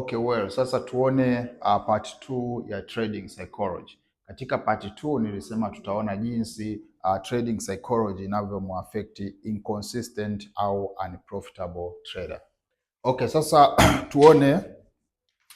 Okay, well, sasa tuone uh, part 2 ya trading psychology. Katika part 2 nilisema tutaona jinsi uh, trading psychology inavyomwaffect inconsistent au unprofitable trader. Okay, sasa tuone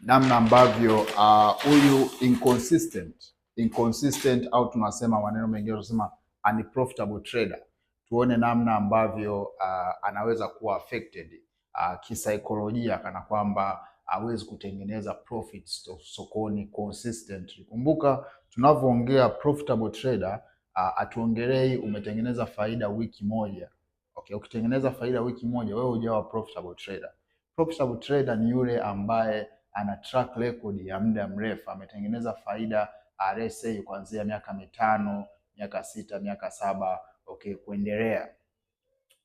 namna ambavyo uh, huyu uh, inconsistent inconsistent au tunasema maneno mengine tunasema unprofitable trader. Tuone namna ambavyo uh, anaweza kuwa affected uh, kisaikolojia kana kwamba awezi kutengeneza profits sokoni consistently. Kumbuka tunavyoongea profitable trader, hatuongelei umetengeneza faida wiki moja. Okay, ukitengeneza faida wiki moja wewe hujawa profitable trader. Profitable trader ni yule ambaye ana track record ya muda mrefu, ametengeneza faida RSA kuanzia miaka mitano, miaka sita, miaka saba, okay, kuendelea.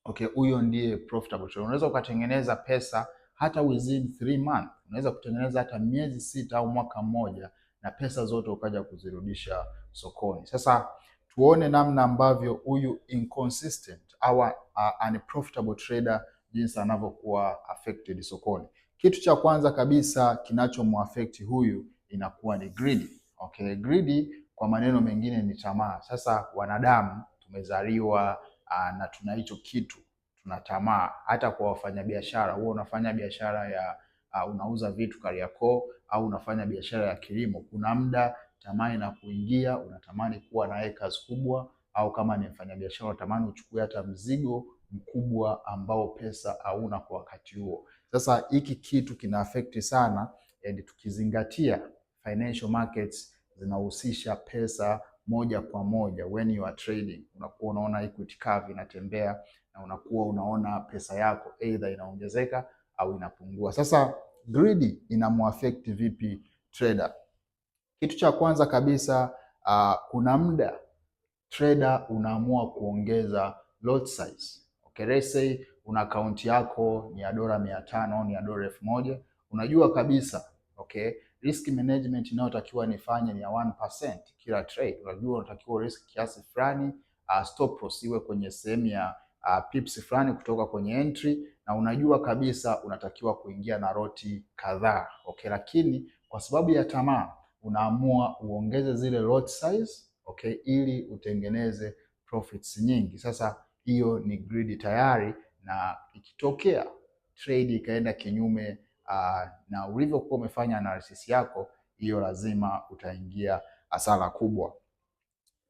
Okay, huyo ndiye profitable trader. Unaweza ukatengeneza pesa hata within 3 months Unaweza kutengeneza hata miezi sita au mwaka mmoja na pesa zote ukaja kuzirudisha sokoni. Sasa tuone namna ambavyo huyu inconsistent au uh, unprofitable trader jinsi anavyokuwa affected sokoni. Kitu cha kwanza kabisa kinachomwaffect huyu inakuwa ni greedy. Okay, greedy kwa maneno mengine ni tamaa. Sasa wanadamu tumezaliwa uh, na tuna hicho kitu, tuna tamaa. Hata kwa wafanyabiashara, wewe unafanya biashara ya uh, unauza vitu Kariakoo au unafanya biashara ya kilimo, kuna muda tamani na kuingia, unatamani kuwa na acres kubwa, au kama ni mfanyabiashara unatamani uchukue hata mzigo mkubwa ambao pesa hauna kwa wakati huo. Sasa hiki kitu kina affect sana, and tukizingatia financial markets zinahusisha pesa moja kwa moja. When you are trading, unakuwa unaona equity curve inatembea na unakuwa unaona pesa yako either inaongezeka au inapungua. Sasa greed inamuaffect vipi trader? Kitu cha kwanza kabisa uh, kuna muda trader unaamua kuongeza lot size. Okay, let's say una account yako ni ya dola 500 tano ni ya dola 1000, unajua kabisa okay, risk management inayotakiwa nifanye ni ya 1% kila trade. Unajua unatakiwa risk kiasi fulani, uh, stop loss iwe kwenye sehemu ya uh, pips fulani kutoka kwenye entry na unajua kabisa unatakiwa kuingia na roti kadhaa okay, lakini kwa sababu ya tamaa unaamua uongeze zile lot size okay, ili utengeneze profits nyingi. Sasa hiyo ni greed tayari, na ikitokea trade ikaenda kinyume uh, na ulivyokuwa umefanya analysis yako, hiyo lazima utaingia hasara kubwa.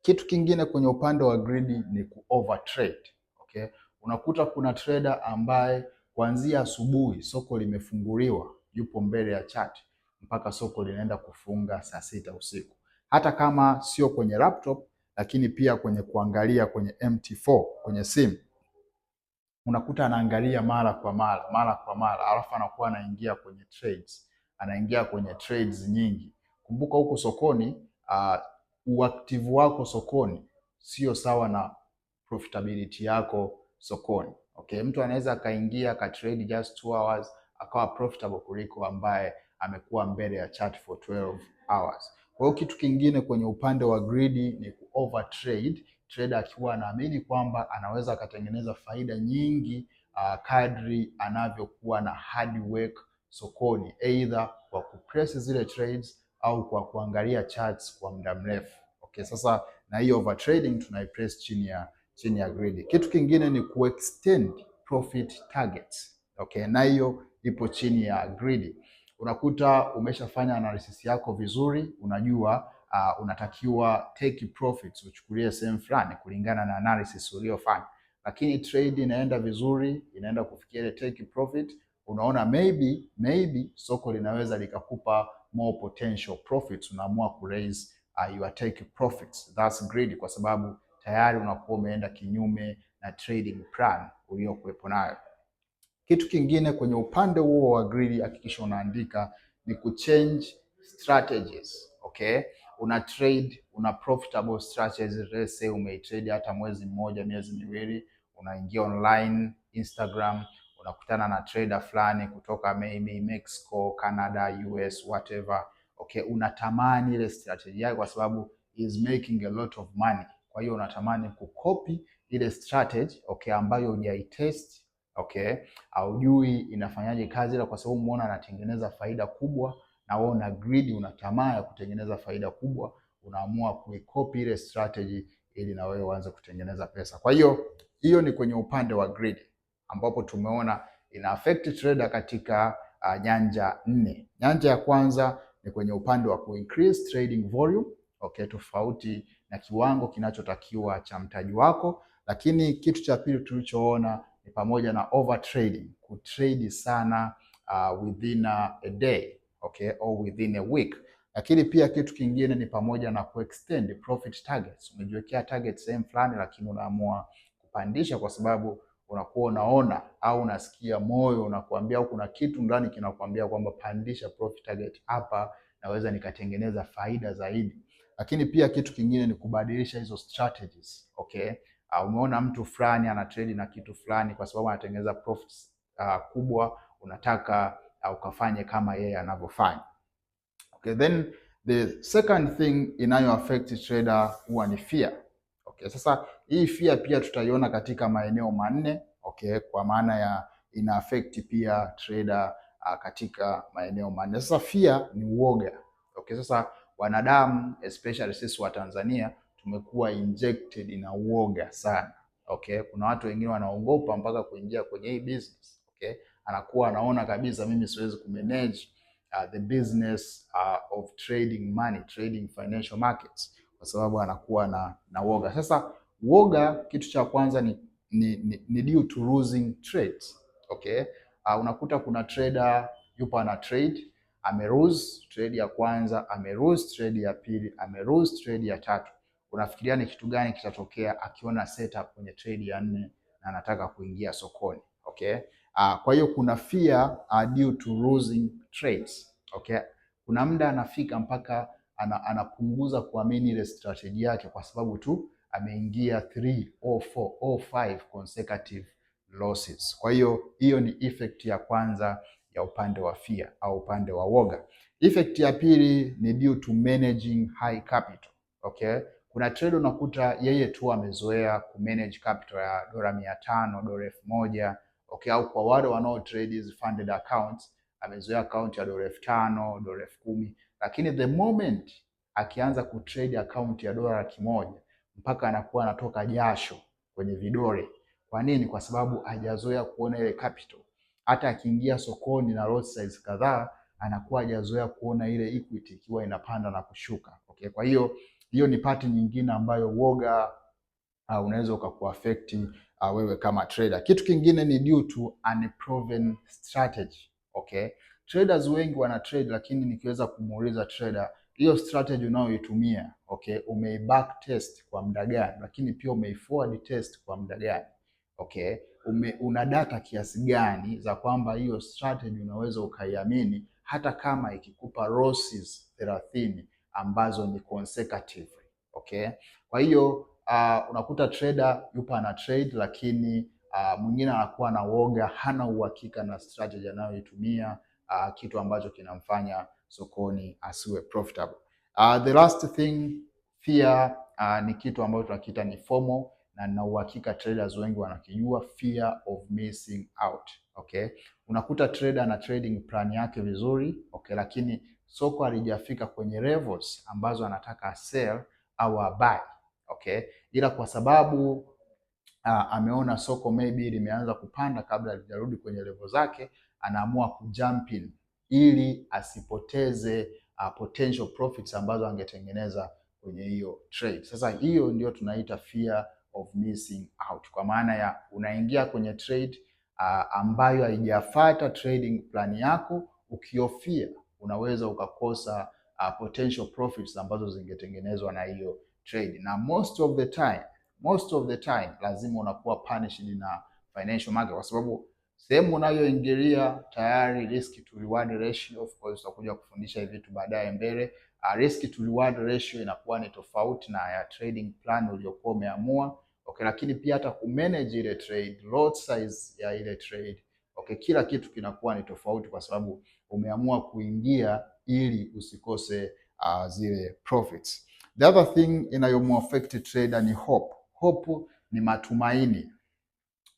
Kitu kingine kwenye upande wa greed ni ku overtrade, okay? Unakuta kuna trader ambaye kuanzia asubuhi soko limefunguliwa yupo mbele ya chat mpaka soko linaenda kufunga saa sita usiku, hata kama sio kwenye laptop, lakini pia kwenye kuangalia kwenye MT4 kwenye simu unakuta anaangalia mara kwa mara mara kwa mara, alafu anakuwa anaingia kwenye trades, anaingia kwenye trades nyingi. Kumbuka huko sokoni, uh, uaktivu wako sokoni sio sawa na profitability yako sokoni. Okay, mtu anaweza akaingia trade just 2 hours akawa profitable kuliko ambaye amekuwa mbele ya chart for 12 hours. Kwa hiyo kitu kingine kwenye upande wa greedy ni ku over trade, trader akiwa anaamini kwamba anaweza akatengeneza faida nyingi uh, kadri anavyokuwa na hard work sokoni, either kwa kupress zile trades au kwa kuangalia charts kwa muda mrefu. Okay, sasa na hiyo over trading tunaipress chini ya chini ya grid. Kitu kingine ni ku extend profit target. Okay, na hiyo ipo chini ya grid. Unakuta umeshafanya analysis yako vizuri, unajua uh, unatakiwa take profits uchukulie sehemu fulani kulingana na analysis uliyofanya, lakini trade inaenda vizuri, inaenda kufikia ile take profit, unaona maybe maybe soko linaweza likakupa more potential profits, unaamua ku raise uh, your take profits, that's greedy, kwa sababu tayari unakuwa umeenda kinyume na trading plan uliyokuwepo nayo. Kitu kingine kwenye upande huo wa gridi, hakikisha unaandika ni kuchange strategies, okay? Una trade, una profitable strategies, let's say umeitrade hata mwezi mmoja, miezi miwili, unaingia online Instagram, unakutana na trader fulani kutoka maybe Mexico, Canada, US, whatever. Okay, unatamani ile strategy yake kwa sababu is making a lot of money. Kwa hiyo unatamani kukopi ile strategy okay, ambayo hujaitest okay, haujui inafanyaje kazi, ila kwa sababu umeona anatengeneza faida kubwa na wewe una greed, una tamaa ya kutengeneza faida kubwa, unaamua kuikopi ile strategy ili na wewe uanze kutengeneza pesa. Kwa hiyo hiyo ni kwenye upande wa greed, ambapo tumeona ina affect trader katika uh, nyanja nne. Nyanja ya kwanza ni kwenye upande wa ku increase trading volume okay, tofauti na kiwango kinachotakiwa cha mtaji wako. Lakini kitu cha pili tulichoona ni pamoja na over overtrading, kutrade sana uh, within a day okay, or within a week. Lakini pia kitu kingine ni pamoja na kuextend profit targets. Umejiwekea target sehemu fulani, lakini unaamua kupandisha kwa sababu unakuwa unaona au unasikia moyo unakuambia, au kuna kitu ndani kinakuambia kwamba pandisha profit target hapa, naweza nikatengeneza faida zaidi. Lakini pia kitu kingine ni kubadilisha hizo strategies, okay? Uh, umeona mtu fulani ana trade na kitu fulani kwa sababu anatengeneza profits uh, kubwa, unataka uh, ukafanye kama yeye anavyofanya. Okay, then the second thing inayo affect trader huwa ni fear. Okay, sasa hii fear pia tutaiona katika maeneo manne, okay, kwa maana ya ina affect pia trader uh, katika maeneo manne. Sasa fear ni uoga. Okay, sasa wanadamu especially sisi wa Tanzania tumekuwa injected na uoga sana. Okay, kuna watu wengine wanaogopa mpaka kuingia kwenye hii business. Okay, anakuwa anaona kabisa mimi siwezi kumanage uh, the business uh, of trading money, trading financial markets kwa sababu anakuwa na na woga. Sasa woga, kitu cha kwanza ni ni, ni, ni due to losing trades. Okay, uh, unakuta kuna trader yupo ana trade amelose trade ya kwanza, amelose trade ya pili, amelose trade ya tatu. Unafikiria ni kitu gani kitatokea akiona setup kwenye trade ya nne na anataka kuingia sokoni? Okay, uh, kwa hiyo kuna fear uh, due to losing trades. Okay, kuna muda anafika mpaka ana, anapunguza kuamini ile strategy yake kwa sababu tu ameingia 3 or 4 or 5 consecutive losses. Kwa hiyo hiyo ni effect ya kwanza ya upande wa fear au upande wa woga. Effect ya pili ni due to managing high capital. Okay? Kuna trade unakuta yeye tu amezoea ku manage capital ya dola mia tano, dola elfu moja okay, au kwa wale wanao trade hizi funded accounts amezoea account ya dola elfu tano, dola elfu kumi, lakini the moment akianza ku trade account ya dola laki moja mpaka anakuwa anatoka jasho kwenye vidole. Kwa nini? Kwa sababu hajazoea kuona ile capital hata akiingia sokoni na lot size kadhaa anakuwa hajazoea kuona ile equity ikiwa inapanda na kushuka. Okay, kwa hiyo hiyo ni pati nyingine ambayo woga uh, unaweza ukakuaffect uh, wewe kama trader. Kitu kingine ni due to unproven strategy. Okay, traders wengi wana trade, lakini nikiweza kumuuliza trader hiyo strategy unayoitumia okay, umeiback test kwa muda gani? Lakini pia umeiforward test kwa muda gani? Okay, ume, una data kiasi gani za kwamba hiyo strategy unaweza ukaiamini hata kama ikikupa losses thelathini ambazo ni consecutive, okay? Kwa hiyo uh, unakuta trader yupo ana trade lakini uh, mwingine anakuwa na woga, hana uhakika na strategy anayoitumia uh, kitu ambacho kinamfanya sokoni asiwe profitable. Uh, the last thing fear uh, ni kitu ambacho tunakiita ni FOMO na na uhakika traders wengi wanakijua fear of missing out. Okay, unakuta trader na trading plan yake vizuri okay, lakini soko halijafika kwenye levels ambazo anataka sell au buy okay, ila kwa sababu Uh, ameona soko maybe limeanza kupanda kabla halijarudi kwenye level zake, anaamua kujump in ili asipoteze uh, potential profits ambazo angetengeneza kwenye hiyo trade. Sasa hiyo ndio tunaita fear of missing out, kwa maana ya unaingia kwenye trade uh, ambayo haijafata trading plan yako. Ukihofia unaweza ukakosa uh, potential profits ambazo zingetengenezwa na hiyo trade, na most of the time, most of the time lazima unakuwa punished na financial market kwa sababu sehemu unayoingilia tayari risk to reward ratio. Of course tutakuja kufundisha hivi vitu baadaye mbele uh, risk to reward ratio inakuwa ni tofauti na ya trading plan uliyokuwa umeamua. Okay, lakini pia hata kumanage ile trade, lot size ya ile trade. Okay, kila kitu kinakuwa ni tofauti kwa sababu umeamua kuingia ili usikose uh, zile profits. The other thing affect trader ni hope. Hope ni matumaini.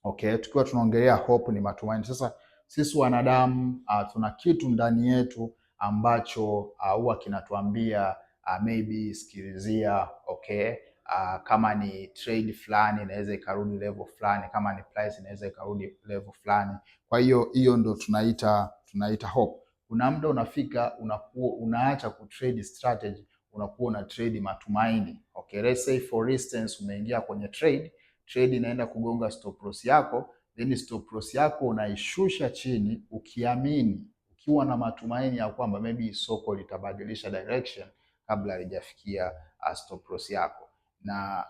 Okay, tukiwa tunaongelea hope ni matumaini. Sasa sisi wanadamu uh, tuna kitu ndani yetu ambacho ah, huwa uh, kinatuambia uh, maybe sikilizia, okay uh, kama ni trade fulani inaweza ikarudi level fulani, kama ni price inaweza ikarudi level fulani. Kwa hiyo hiyo ndo tunaita tunaita hope. Kuna muda unafika unakuwa unaacha ku trade strategy, unakuwa una trade matumaini. Okay, let's say for instance umeingia kwenye trade, trade inaenda kugonga stop loss yako, then stop loss yako unaishusha chini ukiamini ukiwa na matumaini ya kwamba maybe soko litabadilisha direction kabla halijafikia uh, stop loss yako, na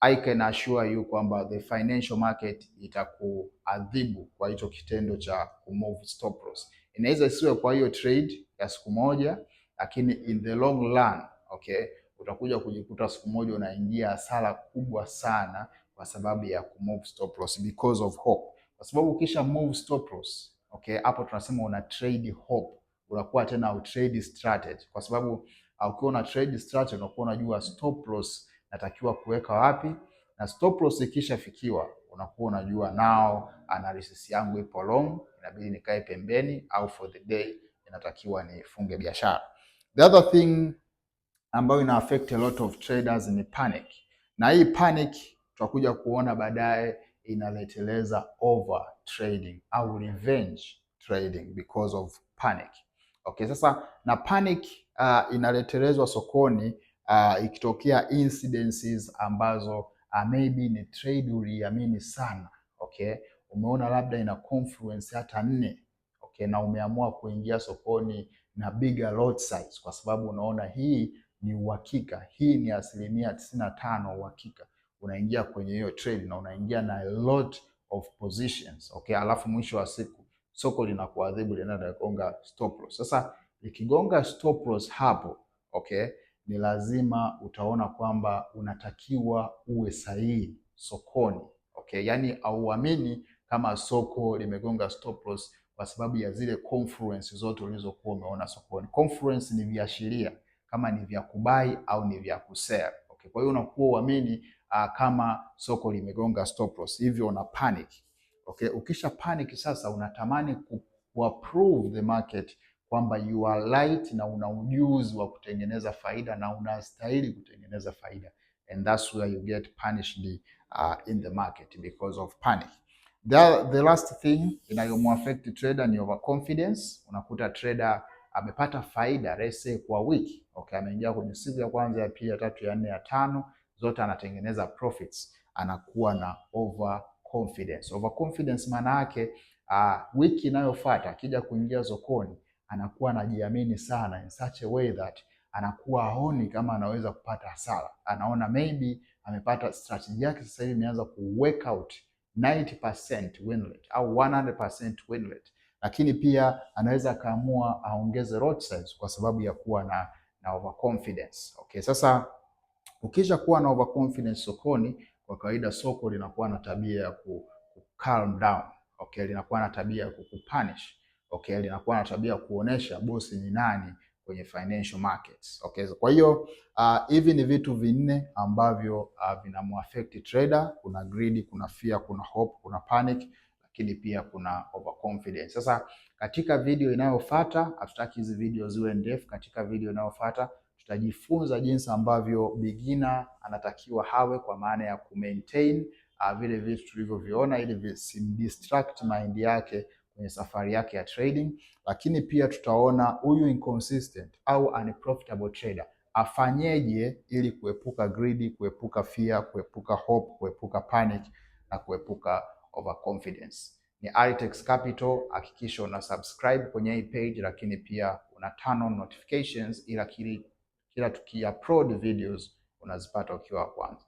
I can assure you kwamba the financial market itakuadhibu kwa hicho kitendo cha kumove stop loss. Inaweza isiwe kwa hiyo trade ya siku moja, lakini in the long run, okay, utakuja kujikuta siku moja unaingia hasara kubwa sana kwa sababu ya kumove stop loss because of hope, kwa sababu ukisha move stop loss Okay, hapo tunasema una trade hope, unakuwa tena au trade strategy, kwa sababu ah, ukiwa una trade strategy unakuwa unajua stop loss natakiwa kuweka wapi, na stop loss ikishafikiwa unakuwa unajua nao analysis yangu ipo long, inabidi nikae pembeni au for the day inatakiwa nifunge biashara. The other thing ambayo ina affect a lot of traders ni panic, na hii panic tutakuja kuona baadaye inaleteleza over trading au revenge trading because of panic. Okay, sasa na panic uh, inaletelezwa sokoni uh, ikitokea incidences ambazo uh, maybe ni trade uliamini sana okay, umeona labda ina confluence hata nne okay, na umeamua kuingia sokoni na bigger lot size kwa sababu unaona hii ni uhakika, hii ni asilimia tisini na tano uhakika unaingia kwenye hiyo trade na unaingia na a lot of positions okay, alafu mwisho wa siku soko linakuadhibu, linaenda kugonga stop loss. Sasa likigonga stop loss hapo okay, ni lazima utaona kwamba unatakiwa uwe sahihi sokoni okay, yani auamini kama soko limegonga stop loss kwa sababu ya zile confluence zote ulizokuwa umeona sokoni. Confluence ni viashiria kama ni vya kubai au ni vya kusell okay, kwa hiyo unakuwa uamini uh, kama soko limegonga stop loss, hivyo una panic. Okay, ukisha panic sasa unatamani ku, ku approve the market kwamba you are right na una ujuzi wa kutengeneza faida na unastahili kutengeneza faida and that's where you get punished uh, in the market because of panic. The, the last thing inayomwaffect trader ni overconfidence. Unakuta trader amepata faida rese kwa wiki okay, ameingia kwenye siku ya kwanza ya pili ya tatu ya nne ya tano zote anatengeneza profits, anakuwa na over confidence. Over confidence maana yake uh, wiki inayofuata akija kuingia sokoni anakuwa anajiamini sana in such a way that anakuwa aoni kama anaweza kupata hasara, anaona maybe amepata strategy yake sasa hivi imeanza ku work out 90% win rate au 100% win rate, lakini pia anaweza akaamua aongeze lot size kwa sababu ya kuwa na, na overconfidence. Okay, sasa Ukisha kuwa na overconfidence sokoni, kwa kawaida soko linakuwa na tabia ya ku, ku calm down okay, linakuwa na tabia ya kukupunish okay, linakuwa na tabia ya kuonesha bosi ni nani kwenye financial markets okay. So, kwa hiyo ah, hivi uh, ni vitu vinne ambavyo uh, vinamuaffect trader. Kuna greed, kuna fear, kuna hope, kuna panic, lakini pia kuna overconfidence. Sasa katika video inayofuata, hatutaki hizi video ziwe ndefu. Katika video inayofuata tutajifunza jinsi ambavyo beginner anatakiwa hawe kwa maana ya ku maintain ah, vile vitu tulivyoviona ili visimdistract mind yake kwenye safari yake ya trading, lakini pia tutaona huyu inconsistent au unprofitable trader afanyeje ili kuepuka greed, kuepuka fear, kuepuka hope, kuepuka panic na kuepuka overconfidence. Ni Aritex Capital, hakikisha una subscribe kwenye hii page, lakini pia una turn on notifications, ila kili kila tuki upload videos unazipata ukiwa kwanza.